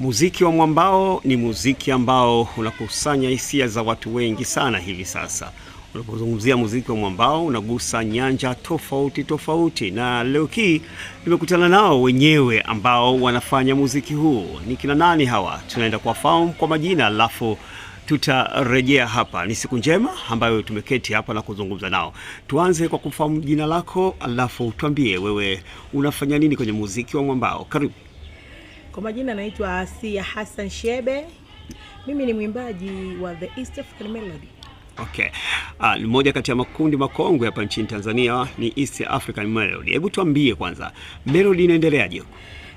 Muziki wa mwambao ni muziki ambao unakusanya hisia za watu wengi sana hivi sasa. Unapozungumzia muziki wa mwambao unagusa nyanja tofauti tofauti, na leo hii nimekutana nao wenyewe ambao wanafanya muziki huu. Ni kina nani hawa? Tunaenda kuwafahamu kwa majina, alafu tutarejea hapa. Ni siku njema ambayo tumeketi hapa na kuzungumza nao. Tuanze kwa kufahamu jina lako, alafu tuambie wewe unafanya nini kwenye muziki wa mwambao. Karibu. Kwa majina naitwa Asia Hassan Shebe, mimi ni mwimbaji wa The East African Melody. Okay. Ah, ni moja kati ya makundi makongwe hapa nchini Tanzania ni East African Melody. Hebu tuambie kwanza, Melody inaendeleaje?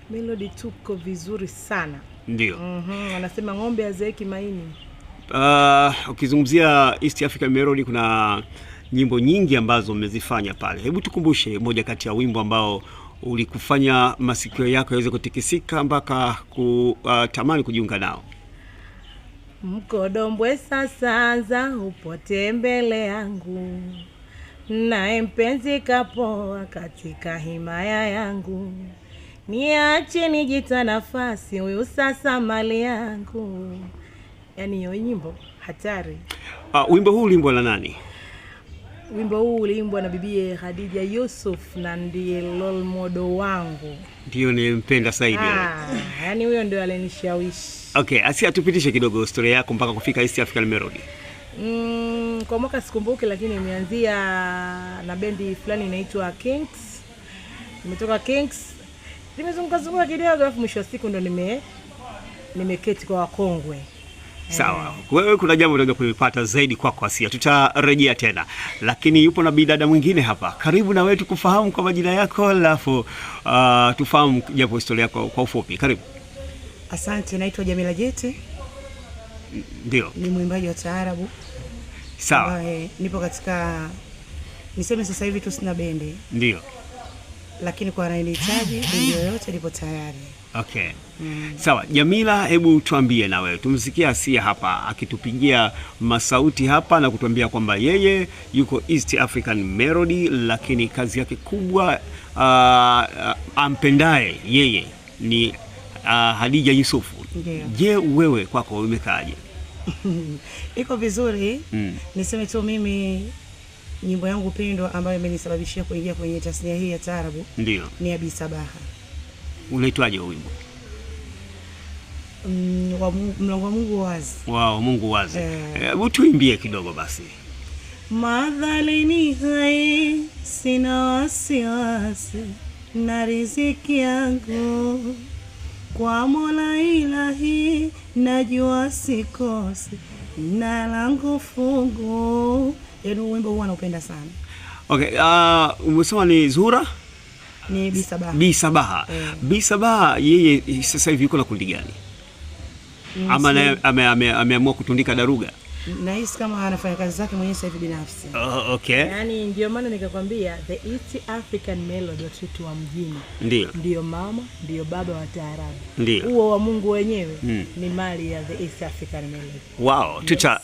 Melody tuko vizuri sana. Ndio. mm Anasema ng'ombe hazeeki maini. Uh, ukizungumzia East African Melody kuna nyimbo nyingi ambazo mmezifanya pale. Hebu tukumbushe moja kati ya wimbo ambao ulikufanya masikio yako yaweze kutikisika mpaka kutamani uh, kujiunga nao? Mkodombwe sasa anza upote mbele yangu, naye mpenzi kapoa katika himaya yangu, niache nijita nafasi, huyu sasa mali yangu. yani hiyo nyimbo hatari. Uh, wimbo huu ulimbwa na nani? Wimbo huu uliimbwa na bibie Khadija Yusuf na ndiye role model wangu, ndio nilimpenda zaidi. Ah, yaani huyo ndio alinishawishi. Okay, Asia, tupitishe kidogo historia yako mpaka kufika East African Melody. Mm, kwa mwaka sikumbuki, lakini nimeanzia na bendi fulani inaitwa Kings. Nimetoka Kings, nimezunguka zunguka kidogo, alafu mwisho wa siku ndo nime nimeketi kwa wakongwe Sawa, wewe kuna jambo unataka kulipata zaidi kwako, Asia, tutarejea tena, lakini yupo na bidada mwingine hapa karibu na wewe, tukufahamu kwa majina yako, alafu uh, tufahamu japo historia yako kwa ufupi. Karibu. Asante, naitwa Jamila Jete, ndio ni mwimbaji wa taarabu. Sawa, nipo katika niseme sasa hivi tu sina bendi, ndio lakini kwa ananihitaji ndio yote lipo tayari. Okay. Mm. Sawa, Jamila, hebu tuambie na wewe. Tumsikia Asia hapa akitupigia masauti hapa na kutuambia kwamba yeye yuko East African Melody, lakini kazi yake kubwa uh, uh ampendaye yeye ni uh, Hadija Yusufu. Je, wewe kwako umekaaje? Iko vizuri. Mm. Niseme tu mimi nyimbo yangu pendwa ambayo imenisababishia kuingia kwenye tasnia hii ya taarabu ndio ni Abi Sabaha. Unaitwaje huo wimbo? Mm, Mlango wa Mungu wazi. Wow, Mungu wazi. Eh, eh utuimbie kidogo basi. Madhalini hai sina wasiwasi na riziki yangu kwa Mola ilahi najua sikosi na langu fungu yaani wimbo huwa naupenda sana. Okay, uh, umesema ni Zura? ni Bi Sabaha. Bi Sabaha. Yeah. Bi yeye sasa hivi yuko na kundi gani? Ama ameamua ame, ame, ame kutundika daruga? nahisi kama anafanya kazi zake mwenyewe sasa hivi binafsi. Oh, okay. Yaani ndio maana nikakwambia the East African Melody watoto wa mjini ndio ndio mama ndio baba wa taarabu, ndio huo wa Mungu wenyewe mm. ni mali ya the East African Melody. Wow,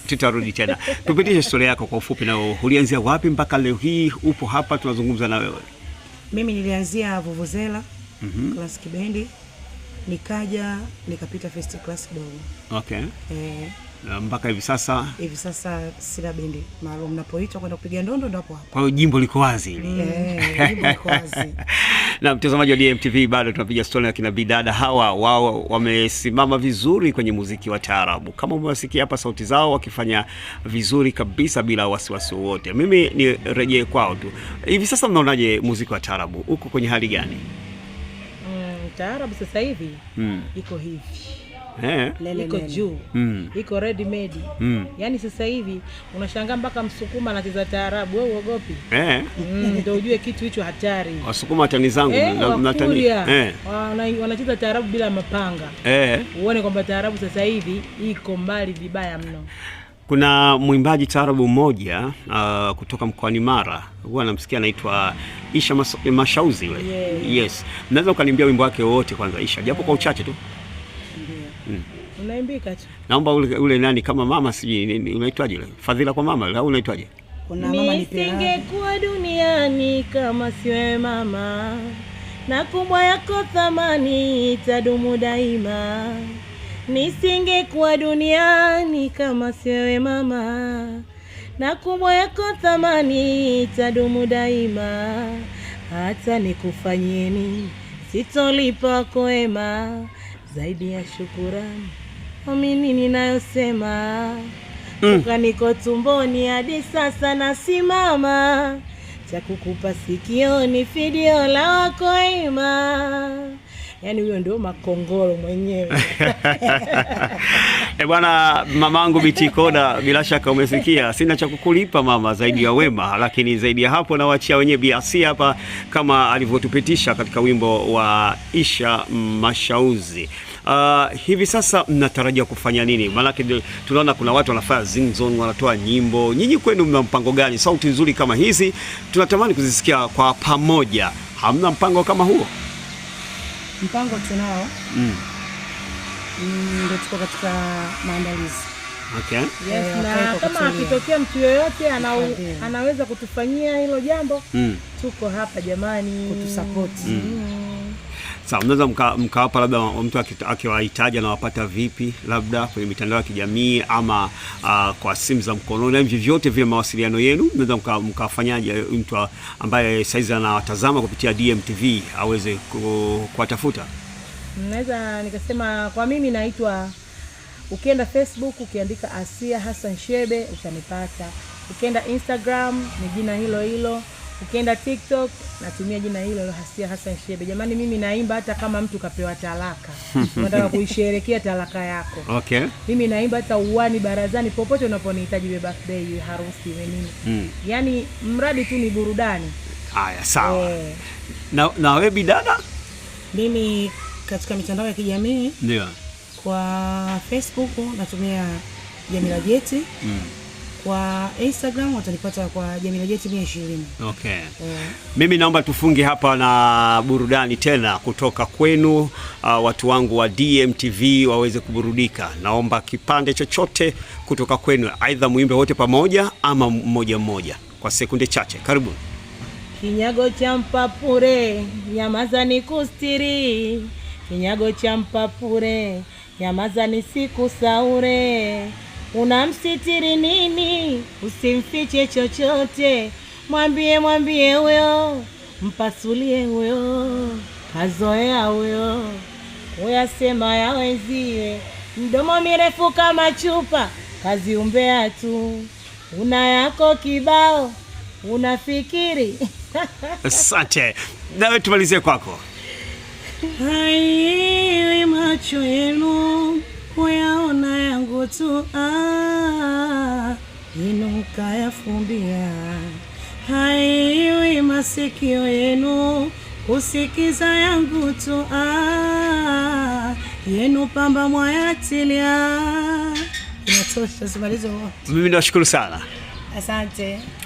tutarudi tena tupitishe historia yako kwa ufupi, na ulianzia wapi mpaka leo hii upo hapa tunazungumza na wewe? Mimi nilianzia vuvuzela mm -hmm. classic bendi, nikaja nikapita first class kidogo. Okay. Eh, na eh, mpaka hivi sasa, hivi sasa sina bendi maalum. Napoitwa kwenda kupiga ndondo ndo hapo hapo. Kwa hiyo jimbo liko wazi hili. Eh, jimbo liko wazi. Na mtazamaji wa DMTV, bado tunapiga stori na kina bidada hawa, wao wamesimama vizuri kwenye muziki wa taarabu, kama umewasikia hapa sauti zao wakifanya vizuri kabisa bila wasiwasi wowote. Mimi ni rejee kwao tu. Hivi sasa mnaonaje muziki wa taarabu, uko kwenye hali gani? Mm, taarabu sasa hivi mm, iko hivi Eh? iko juu mm. iko ready made mm. Yaani sasa hivi unashangaa mpaka msukuma anacheza taarabu, wewe uogopi eh? Mm, ndio ujue kitu hicho hatari. Wasukuma tani zangu eh, eh. wanacheza taarabu bila mapanga eh, uone kwamba taarabu sasa hivi iko mbali vibaya mno. Kuna mwimbaji taarabu mmoja uh, kutoka mkoani Mara, huwa anamsikia anaitwa Isha Mashauzi we. Yeah. Yes, naweza ukaniambia wimbo wake wote kwanza Isha, japo yeah. kwa uchache tu Unaimbika tu. Naomba ule, ule nani kama mama sijui unaitwaje ule? Fadhila kwa mama au unaitwaje? Kuna mama ni pia. Nisingekuwa duniani kama siwe mama. Na kubwa yako thamani itadumu daima. Nisingekuwa duniani kama siwe mama. Na kubwa yako thamani itadumu daima. Hata nikufanyeni sitolipa kwema zaidi ya shukurani amini ninayosema mm. niko tumboni hadi sasa nasimama, cha kukupa sikioni fidio la wakoima. Yaani huyo ndio makongoro mwenyewe E bwana, mamangu Biti bila shaka umesikia, sina cha kukulipa mama zaidi ya wema, lakini zaidi ya hapo nawachia wenye biasi hapa, kama alivyotupitisha katika wimbo wa Isha Mashauzi uh, hivi sasa mnatarajia kufanya nini? Maanake tunaona kuna watu wanafanya zingzon, wanatoa nyimbo. Nyinyi kwenu mna mpango gani? Sauti nzuri kama hizi tunatamani kuzisikia kwa pamoja, hamna mpango kama huo? Mpango tunao mm. mm ndio tuko katika maandalizi Okay. Yes, eh, na kama akitokea mtu yoyote ana, anaweza kutufanyia hilo jambo mm. Tuko hapa jamani kutusapoti mm. Sawa, mnaweza mkawapa labda mtu akiwahitaji anawapata vipi, labda kwenye mitandao ya kijamii ama uh, kwa simu za mkononi, vyote vile mawasiliano yenu mnaweza mkafanyaje mtu ambaye saizi anawatazama kupitia DMTV aweze kuwatafuta? Naweza nikasema kwa mimi naitwa, ukienda Facebook ukiandika Asia Hassan Shebe utanipata, ukienda Instagram ni jina hilo hilo Ukienda TikTok natumia jina hilo la Hasia Hassan Shebe. Jamani, mimi naimba hata kama mtu kapewa talaka, nataka kuisherehekea talaka yako. Okay, mimi naimba hata uwani, barazani, popote unaponihitaji, we birthday, harusi, we nini hmm. Yaani mradi tu ni burudani. Haya, sawa e. Na, na wewe bidada? Mimi katika mitandao ya kijamii ndio, kwa Facebook natumia Jamila Jeti hmm kwa Instagram watanipata kwa Jamila Jet 120. Okay. Yeah. Mimi naomba tufunge hapa na burudani tena kutoka kwenu, uh, watu wangu wa DMTV waweze kuburudika. Naomba kipande chochote kutoka kwenu, aidha muimbe wote pamoja ama mmoja mmoja kwa sekunde chache. Karibu. Kinyago cha mpapure, nyamaza ni kustiri, Kinyago cha mpapure, nyamaza ni siku saure. Unamsitiri nini? Usimfiche chochote, mwambie mwambie huyo, mpasulie huyo, kazoea huyo, uyasema wenzie, mdomo mirefu kama chupa, kazi umbea tu, una yako kibao, unafikiri Asante, nawe tumalizie kwako. Haiwi macho yenu Uyaona yangu tu, ah, inuka yafumbia, haiwi masikio yenu kusikiza yangu tu, ah, yenu pamba mwayatilia. Inatosha, simalizo. Mimi nashukuru sana, asante.